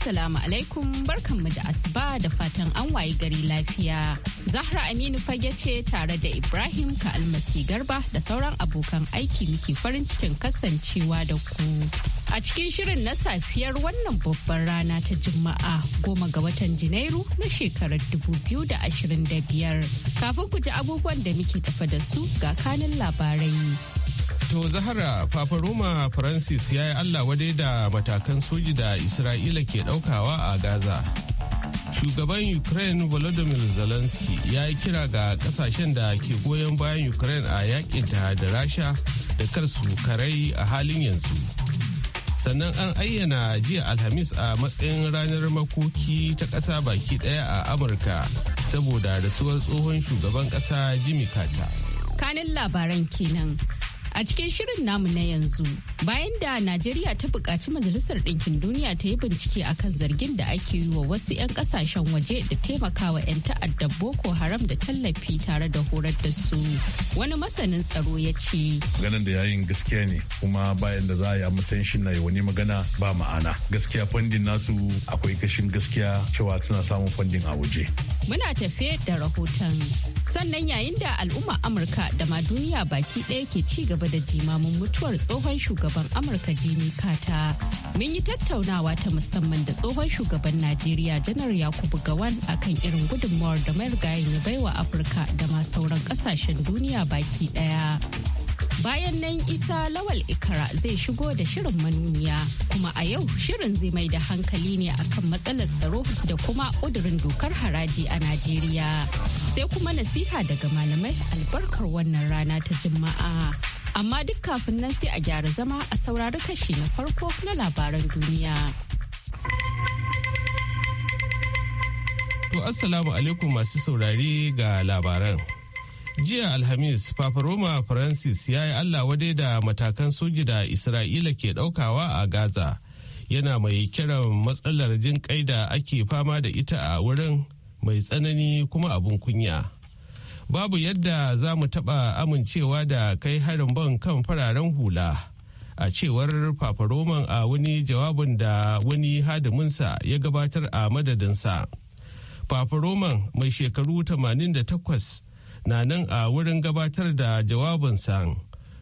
Assalamu alaikum barkanmu da asuba da fatan an waye gari lafiya. Zahra Aminu fage ce tare da Ibrahim ka Ka'almasi Garba da sauran abokan aiki muke farin cikin kasancewa da ku. A cikin shirin na safiyar wannan babbar rana ta Juma'a goma ga watan Janairu na shekarar dubu biyu da da ashirin biyar Kafin ku ji abubuwan da muke tafa da su ga kanin labarai. To Zahara Fafaroma Francis ya yi Allah wadai da matakan soji da Isra'ila ke ɗaukawa a Gaza. Shugaban Ukraine Volodymyr Zelensky ya yi kira ga kasashen da ke goyon bayan Ukraine a yakinta da Rasha da kar su karai a halin yanzu. Sannan an ayyana jiya Alhamis a matsayin ranar makoki ta ƙasa baki ɗaya a Amurka saboda rasuwar tsohon shugaban ƙasa Jimmy Carter. Kanin labaran kenan. a cikin shirin namu na yanzu bayan da najeriya ta bukaci majalisar ɗinkin duniya ta yi bincike akan zargin da ake yi wa wasu 'yan ƙasashen waje da taimakawa 'yan ta'adda boko haram da tallafi tare da horar da su wani masanin tsaro ya ce ganin da yayin gaskiya ne kuma bayan da za a yi a shi na wani magana ba ma'ana gaskiya fandin nasu akwai kashin gaskiya cewa suna samun fandin a waje muna tafe da rahoton sannan yayin da al'umma amurka da ma duniya baki ɗaya ke ci gaba da jimamin mutuwar tsohon shugaban Amurka Jimmy kata Mun yi tattaunawa ta musamman da tsohon shugaban Najeriya Janar Yakubu Gawan akan irin gudunmawar da mayar marigayin ya baiwa Afirka da ma sauran kasashen duniya baki daya. Bayan nan Isa Lawal Ikara zai shigo da shirin manuniya kuma a yau shirin zai mai da hankali ne akan matsalar tsaro da kuma ƙudurin dokar haraji a Najeriya. Sai kuma nasiha daga malamai albarkar wannan rana ta Juma'a. Amma duk kafin nan sai a gyara zama a saurari kashi na farko na labaran duniya. To Assalamu alaikum masu saurari ga labaran. Jiya Alhamis, Papa Roma Francis ya yi Allah wadai da matakan soji da Isra'ila ke daukawa a Gaza. Yana mai kiran matsalar jin kai da ake fama da ita a wurin mai tsanani kuma abun kunya. babu yadda za mu taɓa amincewa da kai harin ban kan fararen hula a cewar fafaroman a wani jawabin da wani hadiminsa ya gabatar a madadinsa fafaroman mai shekaru 88 na nan a wurin gabatar da jawabinsa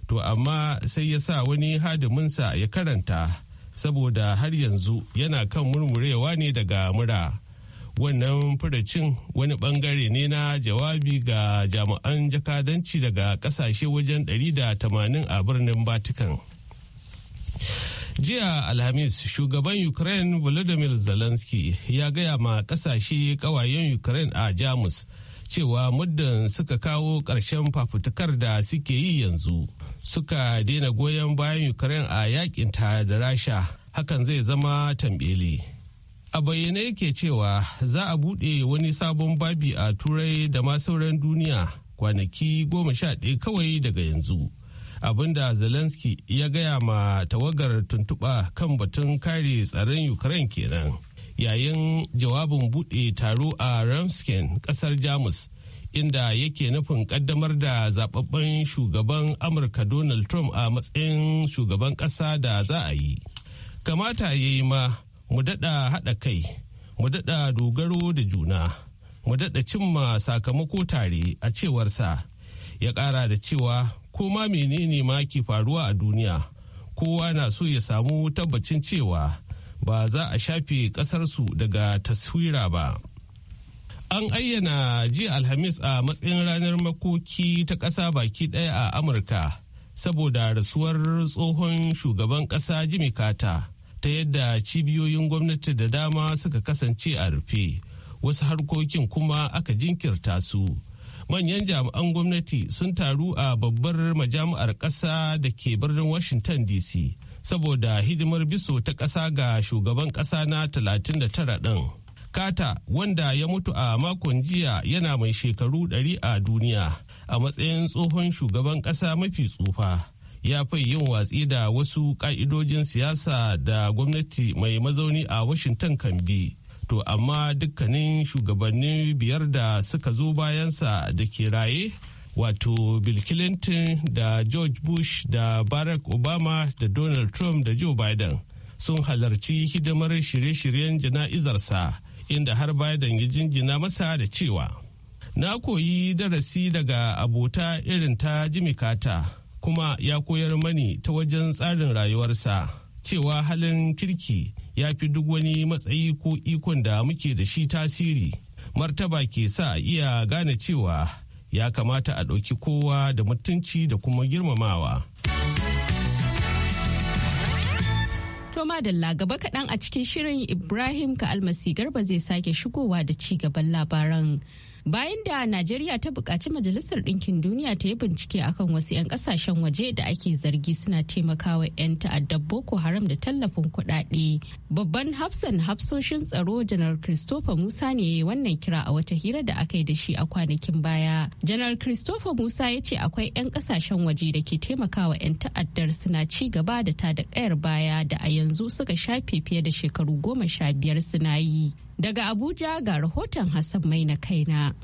to amma sai ya sa wani hadiminsa ya karanta saboda har yanzu yana kan murmurewa ne daga mura. wannan furacin wani bangare ne na jawabi ga jami'an jakadanci daga kasashe wajen 180 a birnin vatican jiya alhamis shugaban ukraine volodymyr zelensky ya gaya ma kasashe kawayen ukraine a jamus cewa muddin suka kawo ƙarshen fafutukar da suke yi yanzu suka daina goyon bayan ukraine a yakin ta da rasha hakan zai zama tambeli a bayyane yake cewa za a buɗe wani sabon babi a turai da ma sauran duniya kwanaki goma sha ɗaya kawai daga yanzu abinda zelensky ya gaya ma tawagar tuntuɓa kan batun kare tsaron ukraine kenan yayin jawabin buɗe taro a ramsken ƙasar jamus inda yake nufin ƙaddamar da zababben shugaban amurka donald trump a matsayin shugaban ƙasa da za a yi kamata ya yi ma mu daɗa haɗa kai mu daɗa dogaro da juna mu daɗa cimma sakamako tare a cewarsa ya ƙara da cewa ko ma menene ma ke faruwa a duniya kowa na so ya samu tabbacin cewa ba za a shafe ƙasarsu daga taswira ba an ayyana jiya alhamis a matsayin ranar makoki ta ƙasa baki ɗaya a amurka saboda rasuwar tsohon shugaban ƙasa jimmy carter ta yadda cibiyoyin gwamnati da dama suka kasance a rufe wasu harkokin kuma aka jinkirta su manyan jami'an gwamnati sun taru a babbar majami'ar ƙasa da ke birnin washington dc saboda hidimar biso ta ƙasa ga shugaban ƙasa na 39 ɗin Kata wanda ya mutu a makon jiya yana mai shekaru ɗari a duniya a matsayin tsohon shugaban ƙasa mafi tsufa. ya fai yin watsi da wasu ƙa'idodin siyasa da gwamnati mai mazauni a washington kan bi to amma dukkanin shugabannin biyar da suka zo bayansa da ke raye wato bill clinton da george bush da barack obama da donald trump da joe biden sun halarci hidimar shirye-shiryen jana'izarsa inda har biden ya jinjina masa da cewa na koyi darasi daga abota irin ta jimikata kuma ya koyar mani ta wajen tsarin rayuwarsa cewa halin kirki ya fi duk wani matsayi ko ikon da muke da shi tasiri martaba ke sa iya gane cewa ya kamata a ɗauki kowa da mutunci da kuma girmamawa. To madalla gaba kaɗan a cikin shirin Ibrahim ka almasi garba zai sake shigowa da ci gaban labaran. bayan da najeriya ta buƙaci majalisar ɗinkin duniya ta yi bincike akan wasu 'yan ƙasashen waje da ake zargi suna taimakawa 'yan ta'addar boko haram da tallafin kuɗaɗe babban hafsan hafsoshin tsaro janar christopher musa ne wannan kira a wata hira da aka yi da shi a kwanakin baya janar christopher musa ya ce akwai 'yan ƙasashen waje da ke taimakawa 'yan ta'addar suna ci gaba da ta da ƙayar baya da a yanzu suka shafe fiye da shekaru goma sha biyar suna yi Daga Abuja ga rahoton Hassan Mai na kaina.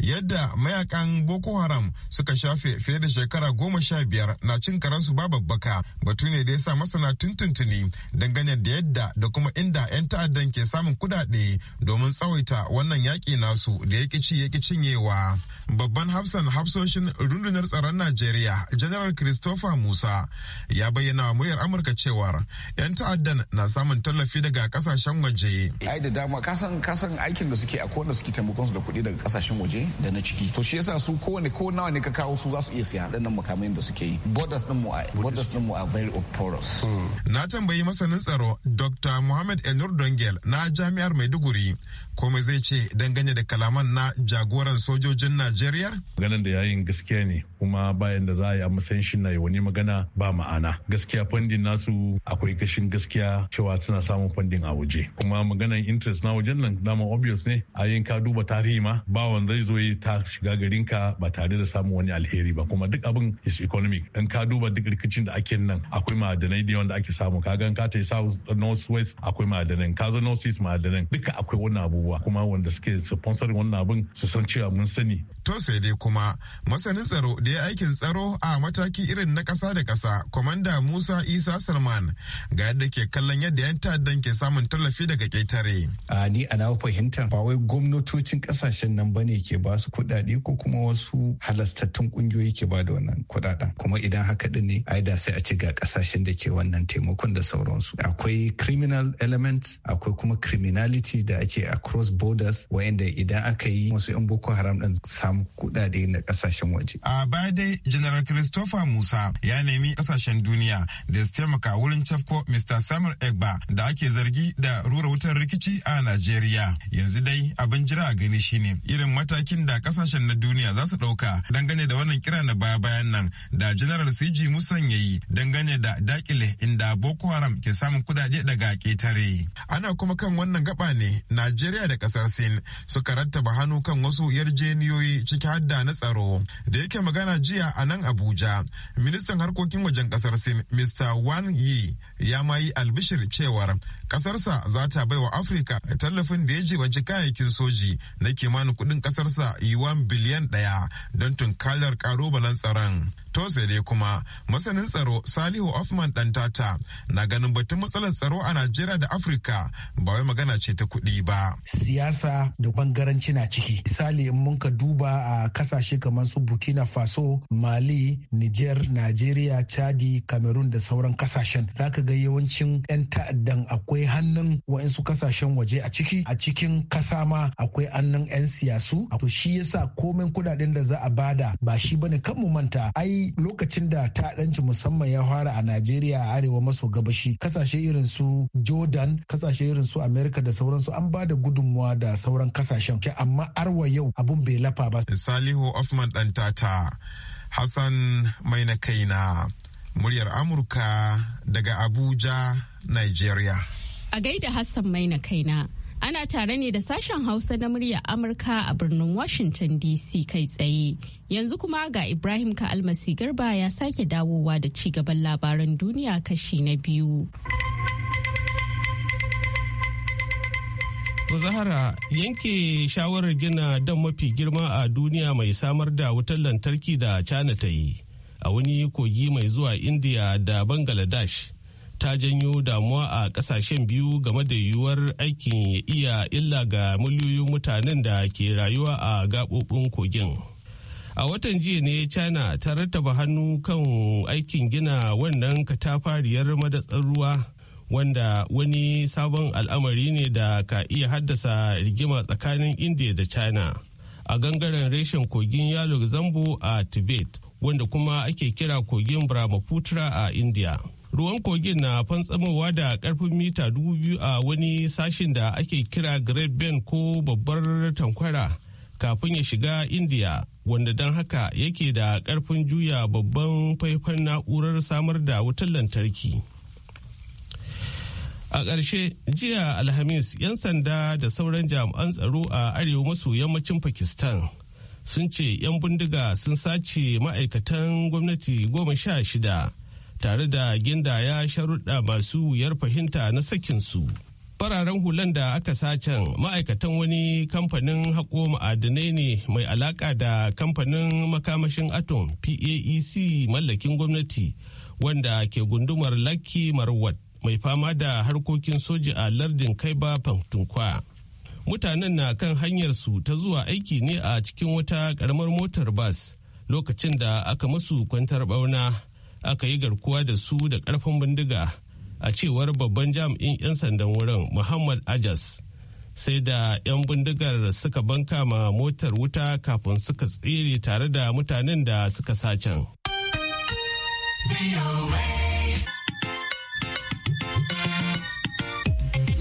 yadda mayakan boko haram suka shafe fiye da shekara goma sha biyar na cin karansu ba babbaka batu ne da ya sa masana tuntuntuni dangane da yadda da kuma inda 'yan ta'addan ke samun kudade domin tsawaita wannan yaƙi nasu da ya ci ya cinyewa babban hafsan hafsoshin rundunar tsaron najeriya general christopher musa ya bayyana wa muryar amurka cewa 'yan ta'addan na samun tallafi daga kasashen waje ai da dama kasan aikin da suke a kowanne suke taimakon su da kuɗi daga kasashen waje da na ciki to shi yasa su kowane ko nawa ne ka kawo su za su iya siya nan makamai da suke yi borders din mu borders din mu are very porous hmm. na tambayi masanin tsaro Dr. Muhammad Elnur Dongel na Jami'ar Maiduguri komai zai ce dangane da kalaman na jagoran sojojin Najeriya ganin da yayin gaskiya ne kuma bayan da za a yi a matsayin shi na wani magana ba ma'ana gaskiya fandin nasu akwai gashin gaskiya cewa suna samun fandin a waje kuma maganan interest na wajen nan dama obvious ne a yin ka duba tarihi ma bawan zai zo yi ta shiga garinka ba tare da samun wani alheri ba kuma duk abin is economic in ka duba duk rikicin da ake nan akwai ma'adanai da yawan ake samu ka gan ka ta south north west akwai ma'adanan ka zo north east ma'adanan duka akwai wannan abubuwa kuma wanda suke sponsoring wannan abin su san cewa mun sani to sai dai kuma masanin tsaro da ya aikin tsaro a mataki irin na kasa da kasa komanda Musa Isa Salman ga yadda ke kallon yadda yan ta'addan ke samun tallafi daga ƙetare a ni fahimta ba wai gwamnatocin kasashen nan bane ke ba su kuɗaɗe ko kuma wasu halastattun kungiyoyi ke ba da wannan kuɗaɗen kuma idan haka din ne ai da sai a ce ga ƙasashen da ke wannan taimakon da sauransu akwai criminal elements akwai kuma criminality da ake a cross borders wayanda idan aka yi wasu 'yan boko haram din samu kuɗaɗe na ƙasashen waje. a baya dai general christopher musa ya nemi ƙasashen duniya da su taimaka wurin cafko mr samuel egba da ake zargi da rura wutar rikici a najeriya yanzu dai abin jira a gani shine irin mataki matakin da kasashen na duniya za su ɗauka dangane da wannan kira na baya bayan nan da general cg musan ya yi dangane da dakile inda boko haram ke samun kudade daga ketare ana kuma kan wannan gaba ne najeriya da kasar sin suka rattaba hannu kan wasu yarjeniyoyi ciki har da na tsaro da yake magana jiya a nan abuja ministan harkokin wajen kasar sin mr wan yi ya ma yi albishir cewar kasarsa za ta baiwa afirka tallafin da ya jibanci kayayyakin soji na kimanin kudin kasarsa yi yuwan biliyan ɗaya don tunkalar ƙalubalen tsaron. To sai dai kuma masanin tsaro Salihu Othman Dantata na ganin batun matsalar tsaro a Najeriya da Afirka ba wai magana ce ta kuɗi ba. Siyasa da bangaranci na ciki. Misali mun ka duba a kasashe kamar su Burkina Faso, Mali, Niger, Najeriya, Chadi, Cameroon da sauran kasashen. Zaka ga yawancin 'yan ta'addan akwai hannun wa'insu kasashen waje a ciki. A cikin kasa ma akwai hannun 'yan siyasu. To shi yasa komin kudaden da za a bada ba shi bane kan mu manta. Ai lokacin da ta'addanci musamman ya fara a Najeriya a arewa maso gabashi kasashe irin su Jordan kasashe irin su America da sauransu an ba da gudunmuwa da sauran kasashen amma arwa yau abun bai lafa ba. Salihu dan Dantata Hassan Mai na kaina muryar Amurka daga Abuja, Nigeria. A gaida Hassan Mai na kaina. Ana tare ne da sashen Hausa na murya Amurka a birnin Washington DC kai tsaye. Yanzu kuma ga Ibrahim ka almasi garba ya sake dawowa da ci gaban labaran duniya kashi na biyu. To Zahara yanke shawarar gina dan mafi girma a duniya mai samar da wutar lantarki da China ta yi a wani kogi mai zuwa India da Bangladesh ta janyo damuwa a kasashen biyu game da yiwuwar aikin ya iya illa ga miliyoyin mutanen da ke rayuwa a gaɓoɓin kogin. a watan jiya ne china ta rattaba hannu kan aikin gina wannan katafariyar madatsar ruwa wanda wani sabon al'amari ne da ka iya haddasa rigima tsakanin india da china a gangaren reshen kogin yalo zambo a tibet wanda kuma ake kira kogin brahmaputra a india ruwan kogin na fantsamowa da karfin mita dubu biyu a wani sashin da ake kira great bend ko babbar tankwara kafin ya shiga india wanda don haka yake da ƙarfin juya babban faifan na'urar samar da wutar lantarki. A ƙarshe jiya Alhamis 'yan sanda da sauran jami'an tsaro a arewa maso yammacin Pakistan sun ce 'yan bindiga sun sace ma'aikatan gwamnati goma sha shida tare da ginda gindaya sharuɗa masu wuyar fahimta na sakinsu. su. fararen hulan da aka sacen oh. ma'aikatan wani kamfanin haƙo ma'adanai ne mai alaƙa da kamfanin makamashin atom paec mallakin gwamnati wanda ke gundumar laki marwat mai fama da harkokin soji a lardin kaiba tunkwa mutanen na kan hanyarsu ta zuwa aiki ne a cikin wata ƙaramar motar bas lokacin da aka masu kwantar bauna aka yi garkuwa da su da ƙarfin bindiga a cewar babban jami'in 'yan sandan wurin muhammad ajas sai da 'yan bindigar suka banka ma motar wuta kafin suka tsere tare da mutanen da suka sacen.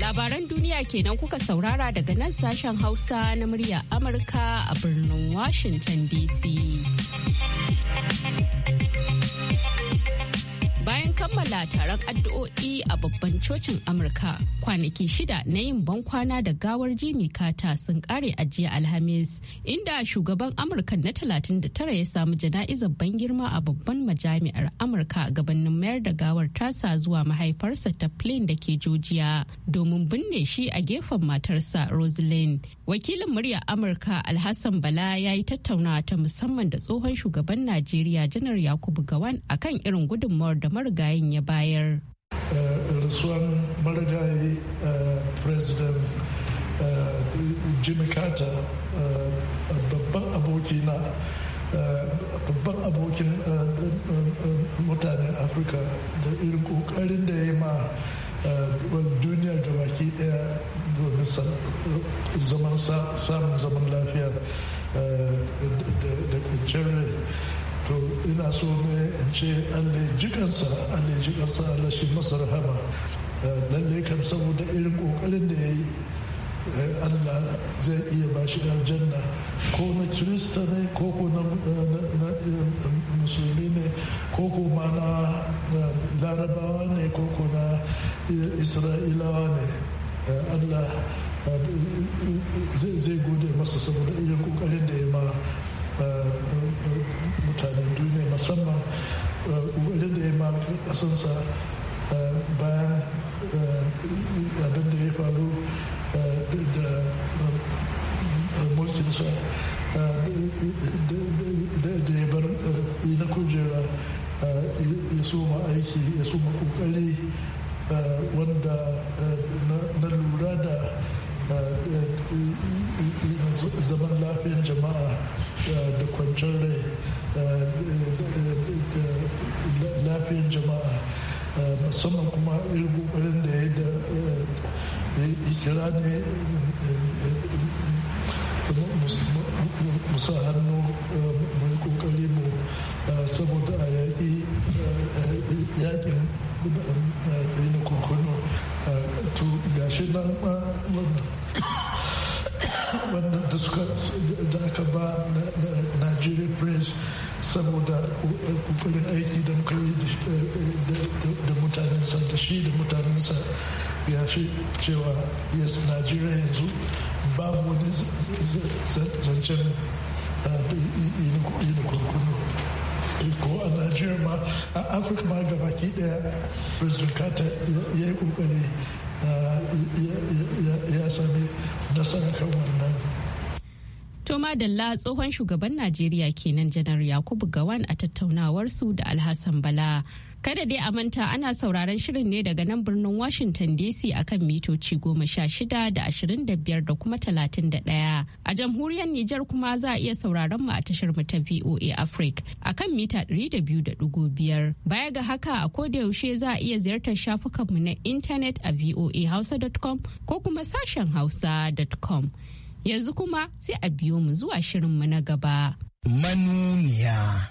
labaran duniya kenan kuka saurara daga nan sashen hausa na murya amurka a birnin washington dc kammala taron addu'o'i a babban cocin Amurka. Kwanaki shida na yin bankwana da gawar Jimmy Carter sun kare a jiya Alhamis, inda shugaban Amurka na 39 ya samu jana'izar ban girma a babban majami'ar Amurka gabanin mayar da gawar tasa zuwa mahaifarsa ta Plain da ke Jojiya domin binne shi a gefen matarsa Rosalind. wakilin murya amurka alhassan bala ya yi tattaunawa ta musamman da tsohon shugaban najeriya janar yakubu gawan a kan irin gudunmawar da marigayin ya bayar eh, rasuwan marigayi eh, president eh, jimmy carter babban aboki na babban abokin mutanen afirka da irin kokarin da ya yi ma Eh, duniya gabaki daya domin eh, samun zaman lafiya eh, da kwanciyar rai to ina so ne in ce allah jikansa allah jikansa allah masa rahama lalle kan saboda irin kokarin da ya yi allah zai iya ba shi aljanna ko na kirista ne ko ko na musulmi ne ko ko ma na larabawa ne ko ko na isra'ilawa ne eh, allah eh, zai gode masa saboda irin kokarin da ya ma eh, mutanen duniya musamman kokarin da ya ma kasansa bayan abin da ya faru da shi da mutanensa ya fi cewa yes najeriya yanzu babu wani zancen yi uh, kurkunu eh, ko a najeriya ma a afirka ma gabaki daya president carter ya yi kokari uh, ya sami nasara kan wannan To Dalla tsohon shugaban Najeriya kenan janar Yakubu Gawan a tattaunawarsu da Alhassan Bala. Kada dai a manta ana sauraron shirin ne daga nan birnin Washington DC akan mitoci goma sha shida da ashirin da biyar da kuma talatin da ɗaya. A jamhuriyar Nijar kuma za a iya sauraron mu a tashar mu ta VOA Africa akan mita ɗari da biyu da ɗigo biyar. Baya ga haka a ko da yaushe za a iya ziyartar shafukanmu na intanet a voahausa.com ko kuma sashen hausa.com. Yanzu kuma sai a biyo mu zuwa shirin mu na gaba. Manuniya.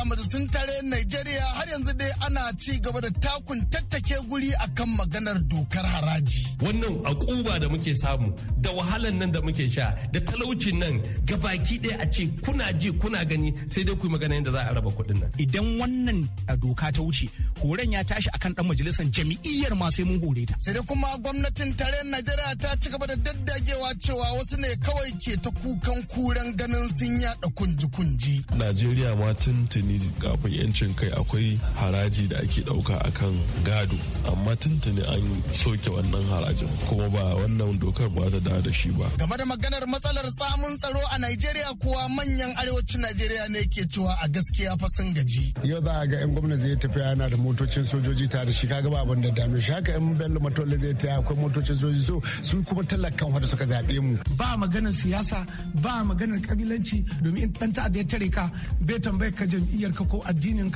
a majalisun tare Najeriya har yanzu dai ana ci gaba da takun tattake guri akan maganar dokar haraji. Wannan akuba da muke samu da wahalan nan da muke sha da talaucin nan ga baki ɗaya a ce kuna ji kuna gani sai dai ku yi magana yadda za a raba kuɗin nan. Idan wannan a doka ta wuce horon ya tashi akan ɗan majalisar jami'iyyar ma sai mun hore ta. Sai dai kuma gwamnatin tare Najeriya ta ci gaba da daddagewa cewa wasu ne kawai ke ta kukan kuren ganin sun yaɗa kunji-kunji. Najeriya ma tuntuni tuntuni kafin yancin kai akwai haraji da ake ɗauka kan gado amma tuntuni an soke wannan harajin kuma ba wannan dokar ba ta da shi ba game da maganar matsalar samun tsaro a Najeriya kuwa manyan arewacin Najeriya ne ke cewa a gaskiya fa sun gaji yau za a ga yan gwamnati zai tafi yana da motocin sojoji tare shi kaga ba abin da dame shi haka yan bello matole zai tafi akwai motocin sojoji so su kuma talakan wanda suka zaɓe mu ba maganar siyasa ba maganar kabilanci domin in dan ta'adda ya tare ka bai tambayar ka jin jam'iyyar ka ko addinin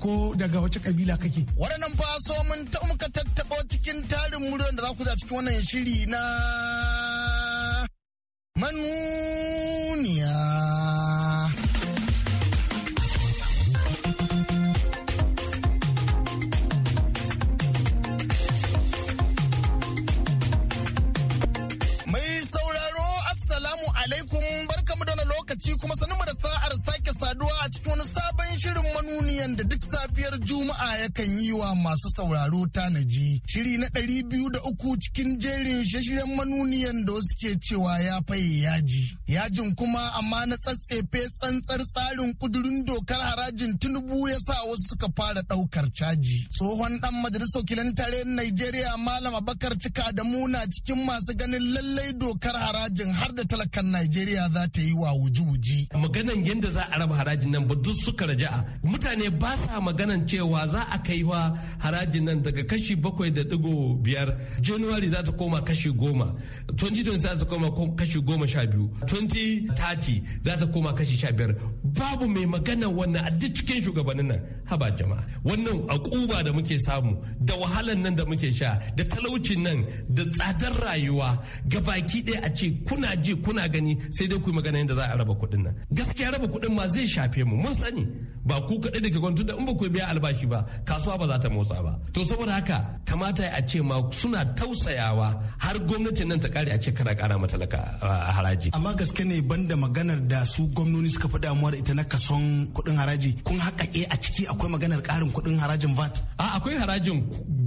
ko daga wace kabila kake waɗannan fa so mun ta muka tattaɓo cikin tarin muryar da za ku da cikin wannan shiri na manuniya alaikum barkamu da lokaci kuma sanin mu da sa'ar sa saduwa a cikin wani sabon shirin manuniyan da duk safiyar Juma'a yakan yi wa masu sauraro tanaji. Shiri na ɗari biyu da uku cikin jerin shashiren manuniyan da wasu ke cewa ya faye yaji. Yajin kuma amma na tsatsefe tsantsar tsarin kudurin dokar harajin Tinubu ya sa wasu suka fara ɗaukar caji. Tsohon ɗan majalisar wakilan tarayyar Najeriya Malam Abakar Cika da Muna cikin masu ganin lallai dokar harajin har da talakan Najeriya za ta yi wa wuji-wuji. Maganan yadda za a raba harajin nan ba duk suka raja'a mutane ba sa maganan cewa za a kai wa harajin nan daga kashi bakwai da digo biyar january za ta koma kashi goma 2020 za ta koma kashi goma sha biyu 2030 za ta koma kashi sha biyar babu mai maganan wannan a duk cikin shugabannin nan haba jama'a wannan akuba da muke samu da wahalan nan da muke sha da talaucin nan da tsadar rayuwa gabaki ɗaya a ce kuna ji kuna gani sai dai ku yi magana yadda za a raba kuɗin nan gaskiya raba kuɗin ma zai shafe mu mun sani ba ku kaɗai da ke gwamnati da in ba ku biya albashi ba kasuwa ba za ta motsa ba to saboda haka kamata a ce ma suna tausayawa har gwamnati nan ta kare a ce kana kara a haraji amma gaske ne banda maganar da su gwamnoni suka faɗi amuwar ita na kason kuɗin haraji kun haƙaƙe a ciki akwai maganar ƙarin kuɗin harajin vat a akwai harajin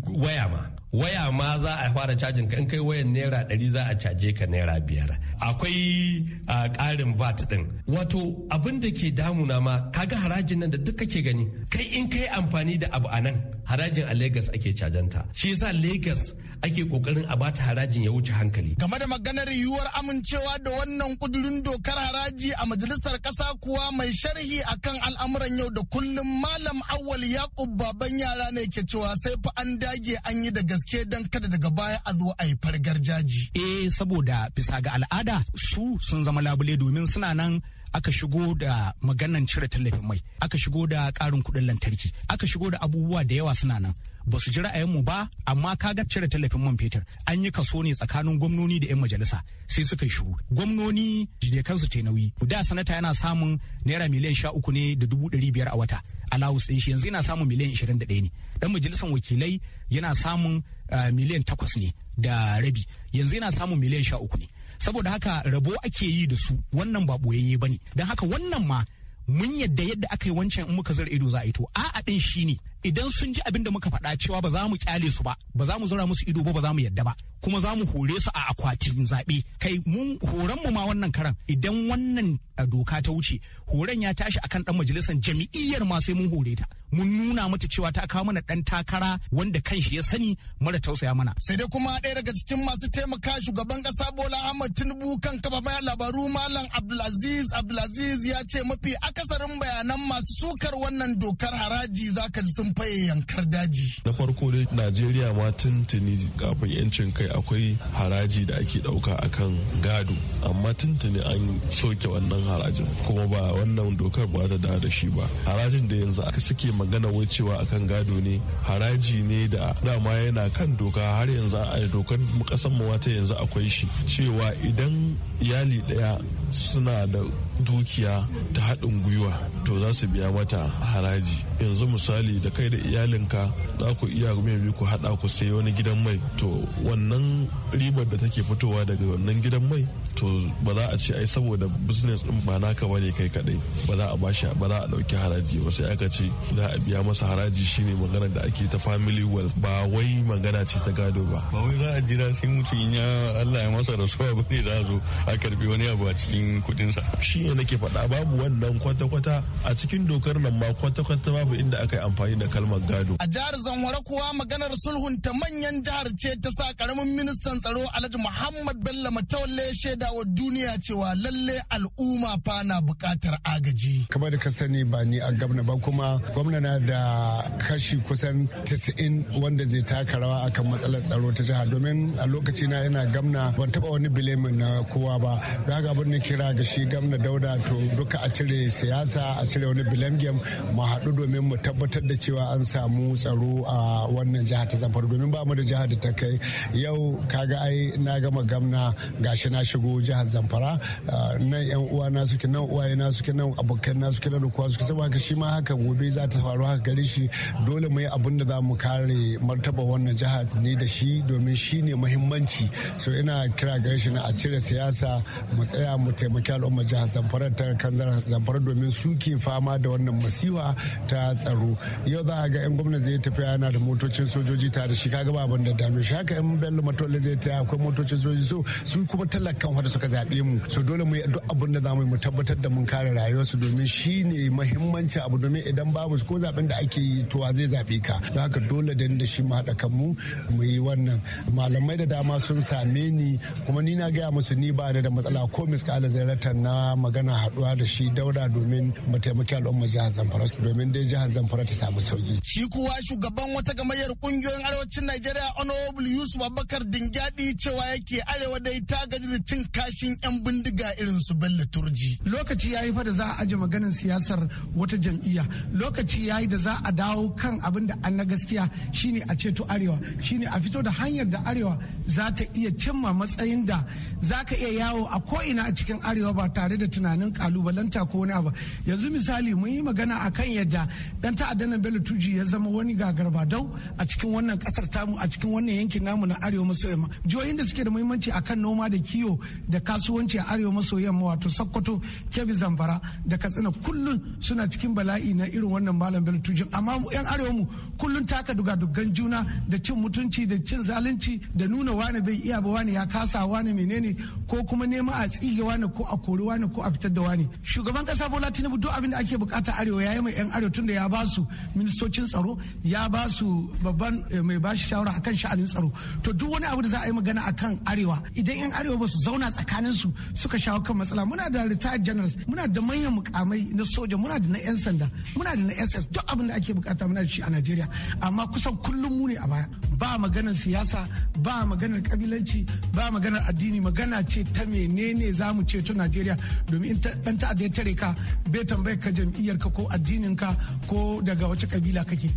waya ma waya ma za a fara cajin ka in kai wayan naira ɗari za a caje ka naira biyar akwai ƙarin vat ɗin wato abin da ke damuna ma kaga harajin nan da duk kake gani kai in kai amfani da abu a nan harajin a Legas ake cajanta shi yasa Legas. ake kokarin a bata harajin ya wuce hankali game da maganar yiwuwar amincewa da wannan kudurin dokar haraji a majalisar kasa kuwa mai sharhi akan al'amuran yau da kullum malam awwal yakub baban yara ne ke cewa sai fa an dage an yi da gaske dan kada daga baya a zo a yi fargar jaji eh saboda bisa ga al'ada su sun zama labule domin suna nan aka shigo da maganan cire tallafin mai aka shigo da karin kudin lantarki aka shigo da abubuwa da yawa suna nan ba su ji ra'ayinmu ba amma kaga cire tallafin man fetur an yi kaso ne tsakanin gwamnoni da 'yan majalisa sai suka yi shiru gwamnoni jide kansu ta nauyi da sanata yana samun naira miliyan sha uku ne da dubu ɗari biyar a wata alawus ɗin shi yanzu yana samun miliyan ishirin da ɗaya ne dan majalisan wakilai yana samun eh, miliyan takwas ne da rabi yanzu yana samun miliyan sha uku ne saboda haka rabo ake yi da su wannan ba boyayye ba ne don haka wannan ma mun yadda yadda aka yi wancan in muka zara ido za a yi to a'a ɗin shi ne idan sun ji abin da muka faɗa cewa ba za mu kyale su ba ba za mu zura musu ido ba ba za mu yadda ba kuma za mu hore su a akwatin zaɓe kai mun horon mu ma wannan karan idan wannan doka ta wuce horan ya tashi akan dan majalisar jami'iyyar ma sai mun hore ta mun nuna mata cewa ta kawo mana dan takara wanda kan shi ya sani mara tausaya mana sai dai kuma ɗaya daga cikin masu taimaka shugaban ƙasa Bola Ahmad Tinubu kan mayar labaru Malam Abdulaziz Abdulaziz ya ce mafi akasarin bayanan masu sukar wannan dokar haraji zaka ji sun faye yankar daji. Na farko dai Najeriya ma tuntuni kafin yancin kai akwai haraji da ake ɗauka akan gado amma tuntuni an soke wannan harajin kuma ba wannan dokar ba ta da da shi ba. Harajin da yanzu aka suke magana wai cewa akan gado ne haraji ne da dama yana kan doka har yanzu a dokar kasan mu ta yanzu akwai shi cewa idan iyali daya. suna da dukiya ta haɗin gwiwa to za su biya mata haraji yanzu misali da kai da iyalinka za ku iya mai ku haɗa ku sai wani gidan mai to wannan ribar da take fitowa daga wannan gidan mai to ba za a ce ai saboda business din ba naka ba ne kai kadai ba za a bashi ba za a ɗauki haraji ba sai aka ce za a biya masa haraji shine magana da ake ta family wealth ba wai magana ce ta gado ba ba wai za a jira sai mutum ya Allah ya masa rasuwa ba ne za a zo a karbi wani abu a ciki. cikin sa. Shi ne nake faɗa babu wannan kwata-kwata a cikin dokar nan ma kwata-kwata babu inda aka yi amfani da kalmar gado. A jihar zamwara kuwa maganar sulhun ta manyan jihar ce ta sa karamin ministan tsaro Alhaji Muhammad Bello Matawalle shaida wa duniya cewa lalle al'umma fa na buƙatar agaji. Kamar da ka sani ba ni a gabna ba kuma gwamna na da kashi kusan 90 wanda zai taka rawa akan matsalar tsaro ta jihar domin a lokaci na yana gamna ban taba wani bilimin na kowa ba da haka abin da kira ga shi gamna dauda to duka a cire siyasa a cire wani bilangem mu haɗu domin mu tabbatar da cewa an samu tsaro a wannan jiha ta zafar domin ba mu da jihar da ta kai yau kaga ai na gama gamna gashi na shigo jihar zamfara ah, nan yan uwa na suke nan uwaye na suke nan abokan na suke nan kuwa suke saboda haka shi ma haka gobe za ta faru haka gari shi dole mu yi abin da za mu kare martaba wannan jihar ne da shi domin shi ne muhimmanci so ina kira gare shi na a cire siyasa mu tsaya mu taimaki al'ummar jihar zamfara ta kan zamfara domin suke fama da wannan masiwa ta tsaro yau za a ga yan gwamnati zai tafi yana da motocin sojoji tare shi kaga ba abin da dame shi haka yan bello matolle zai tafi akwai motocin sojoji so su kuma talakan wanda suka zaɓe mu so dole mu yi duk abin da zamu mu tabbatar da mun kare rayuwarsu domin shi ne mahimmanci abu domin idan babu ko zaɓen da ake yi to zai zaɓe ka don haka dole da da shi mu haɗa kanmu mu yi wannan malamai da dama sun same ni kuma ni na gaya musu ni ba da matsala ko miskala da na magana haduwa da shi daura domin mu taimaki al'umma jihar zamfara domin dai jihar zamfara ta samu sauki. shi kuwa shugaban wata gamayyar kungiyoyin arewacin najeriya honorable yusuf abubakar dingyadi cewa yake arewa dai ta gaji da cin kashin yan bindiga irin su bello turji. lokaci ya yi fa da za a aje maganar siyasar wata jam'iyya lokaci ya yi da za a dawo kan abin da an na gaskiya shine a ceto arewa shine a fito da hanyar da arewa za ta iya cimma matsayin da za ka iya yawo a ko'ina a cikin 'yan arewa ba tare da tunanin kalubalanta ko wani abu yanzu misali mun yi magana a kan yadda dan na bello tuji ya zama wani gagarba dau a cikin wannan kasar tamu a cikin wannan yankin namu na arewa maso yamma jihohin da suke da muhimmanci a kan noma da kiwo da kasuwanci a arewa maso yamma wato sokoto kebbi zamfara da katsina kullum suna cikin bala'i na irin wannan malam bello tuji amma yan arewa mu kullum taka dugadugan juna da cin mutunci da cin zalunci da nuna wani bai iya ba wani ya kasa wani menene ko kuma nema a tsige wani wani ko a kori wani ko a fitar da wani shugaban kasa bola tinubu duk abin da ake bukata arewa ya yi mai yan arewa tunda ya ba su ministocin tsaro ya ba su babban eh, mai bashi shawara akan sha'anin tsaro to duk wani abu da za a yi magana akan arewa idan yan arewa ba su zauna tsakanin su suka shawo kan matsala muna da retired generals muna da manyan mukamai na soja muna da na yan sanda muna da na ss duk abin da ake bukata muna da shi a najeriya amma kusan kullum mu ne a baya ba maganar siyasa ba maganar kabilanci ba maganar addini magana ce ta menene za mu ceto najeriya domin dan ta'adda ya tare ka bai tambayar ka jam'iyyar ka ko addinin ka ko daga wace kabila kake.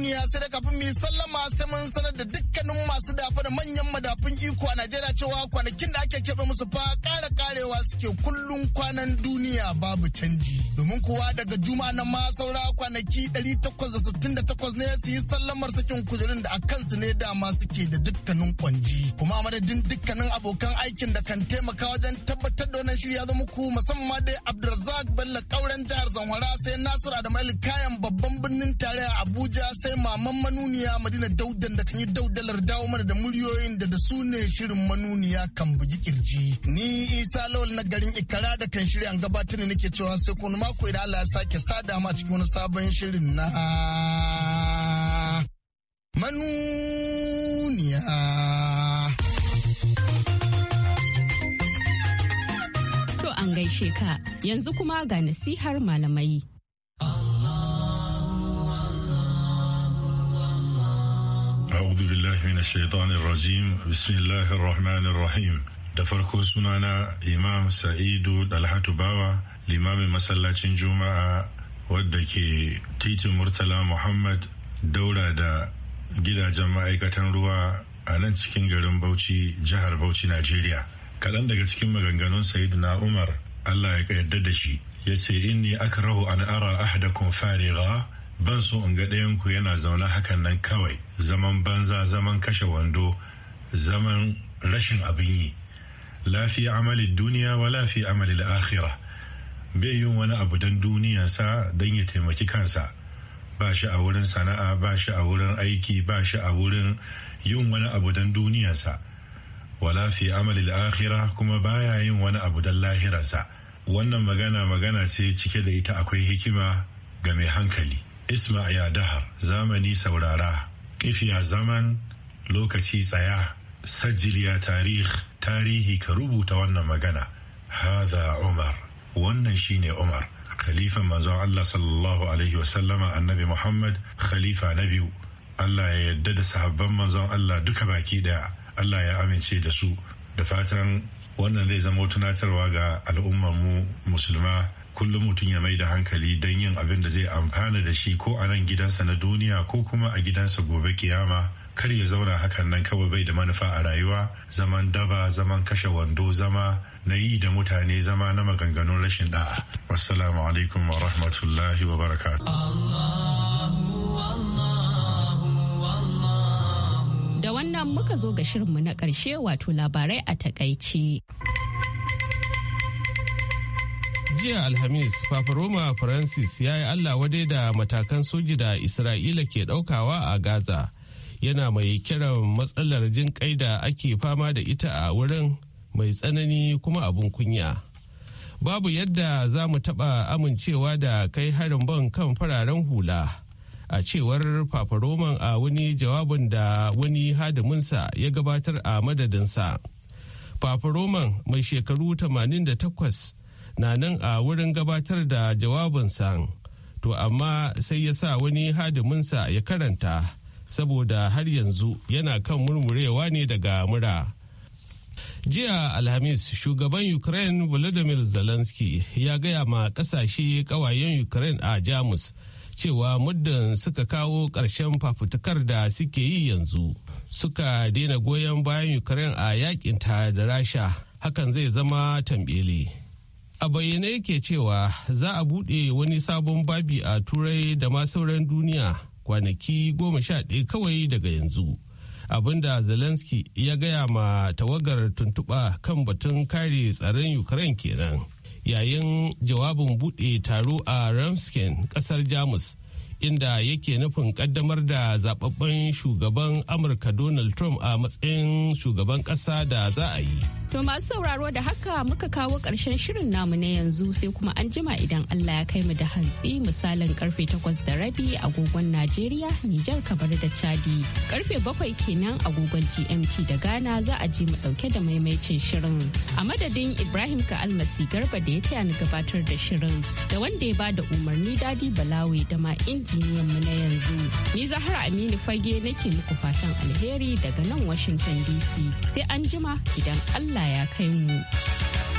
duniya sai da kafin mu sallama sai mun sanar da dukkanin masu dafa da manyan madafun iko a Najeriya cewa kwanakin da ake keɓe musu fa ƙara ƙarewa suke kullum kwanan duniya babu canji. Domin kuwa daga juma nan ma saura kwanaki 868 ne su yi sallamar sakin kujerun da a kansu ne dama suke da dukkanin kwanji. Kuma madadin dukkanin abokan aikin da kan taimaka wajen tabbatar da wannan shirya zama ku musamman dai Abdulrazak Bello kauren jihar Zamfara sai Nasiru Adamu kayan babban birnin tarayya Abuja sai kai maman manuniya madina daudan da kan yi daudalar dawo mana da muryoyin da da su ne shirin manuniya kan bugi kirji ni isa lawal na garin ikara da kan shirya gabatar ne nake cewa sai kuma mako idan Allah ya sake sada ma cikin wani sabon shirin na manuniya to an gaishe ka yanzu kuma ga nasihar malamai أعوذ بالله من الشيطان الرجيم بسم الله da farko sunana imam sa'idu dalhatu bawa limamin masallacin juma'a wadda ke titin murtala muhammad daura da gidajen ma'aikatan ruwa a nan cikin garin bauchi jihar bauchi najeriya kaɗan daga cikin maganganun saidu na umar allah ya yarda da shi ya ce inni aka rahu an ara ahadakum fariga ban so in ga ɗayan ku yana zaune hakan nan kawai zaman banza zaman kashe wando zaman rashin abin yi lafi amali duniya wa lafi amali akhira bai yi wani abu don duniyarsa don ya taimaki kansa ba shi a wurin sana'a ba shi a wurin aiki ba shi a wurin yin wani abu don duniyarsa wala fi amali akhira kuma baya yin wani abu don lahirarsa wannan magana magana ce cike da ita akwai hikima ga mai hankali isma ya dahar zamani saurara ifiya zaman lokaci tsaya sajiliya tarih tarihi ka rubuta wannan magana haza umar wannan shine umar khalifa manzon Allah sallallahu alaihi wasallama annabi Muhammad khalifa na biyu Allah ya yadda da sahabban manzon Allah duka baki ɗaya. Allah ya amince da su da fatan wannan zai zama tunatarwa ga al'ummar mu musulma kullum mutum ya mai da hankali don yin abin da zai amfana da shi ko a nan gidansa na duniya ko kuma a gidansa gobe kiyama kar ya zauna hakan nan kawai bai da manufa a rayuwa zaman daba zaman kashe wando zama na yi da mutane zama na maganganun rashin da'a wassalamu alaikum wa rahmatullahi wa barakatuh da wannan muka zo ga shirinmu na karshe wato labarai a takaici. jiya alhamis papa roma francis ya yi allah wadai da matakan soji da isra'ila ke daukawa a gaza yana mai kiran matsalar jin kai da ake fama da ita a wurin mai tsanani kuma abun kunya babu yadda za mu taɓa amincewa da kai harin ban kan fararen hula a cewar papa roman a wani jawabin da wani hadiminsa ya gabatar a madadinsa papa roman mai shekaru 88 na nan a wurin gabatar da jawabinsa to amma sai ya sa wani hadiminsa ya karanta saboda har yanzu yana kan murmurewa ne daga mura. jiya alhamis shugaban ukraine volodymyr zelensky ya gaya ma kasashe kawayen ukraine a jamus cewa muddin suka kawo ƙarshen fafutukar da suke yi yanzu suka daina goyon bayan ukraine a yakinta da rasha hakan zai zama tambele a bayyane yake cewa za a buɗe wani sabon babi a turai da ma sauran duniya kwanaki goma sha ɗaya kawai daga yanzu abinda zelensky ya gaya ma tawagar tuntuɓa kan batun kare tsaron ukraine kenan yayin jawabin buɗe taro a ramsken ƙasar jamus inda yake nufin kaddamar da zababben shugaban amurka donald trump a matsayin shugaban kasa da za a yi to masu sauraro da haka muka kawo ƙarshen shirin namu na yanzu sai kuma an jima idan allah ya kai mu da hantsi misalin karfe takwas da rabi agogon najeriya nijar kabar da chadi karfe bakwai kenan agogon gmt da ghana za a ji mu dauke da maimaicin shirin a madadin ibrahim ka almasi garba da ya taya ni gabatar da shirin da wanda ya ba da umarni dadi balawe da ma inji injiniyan mu na yanzu. Ni Zahra Aminu Fage nake muku fatan alheri daga nan Washington DC sai an jima idan Allah ya kai mu.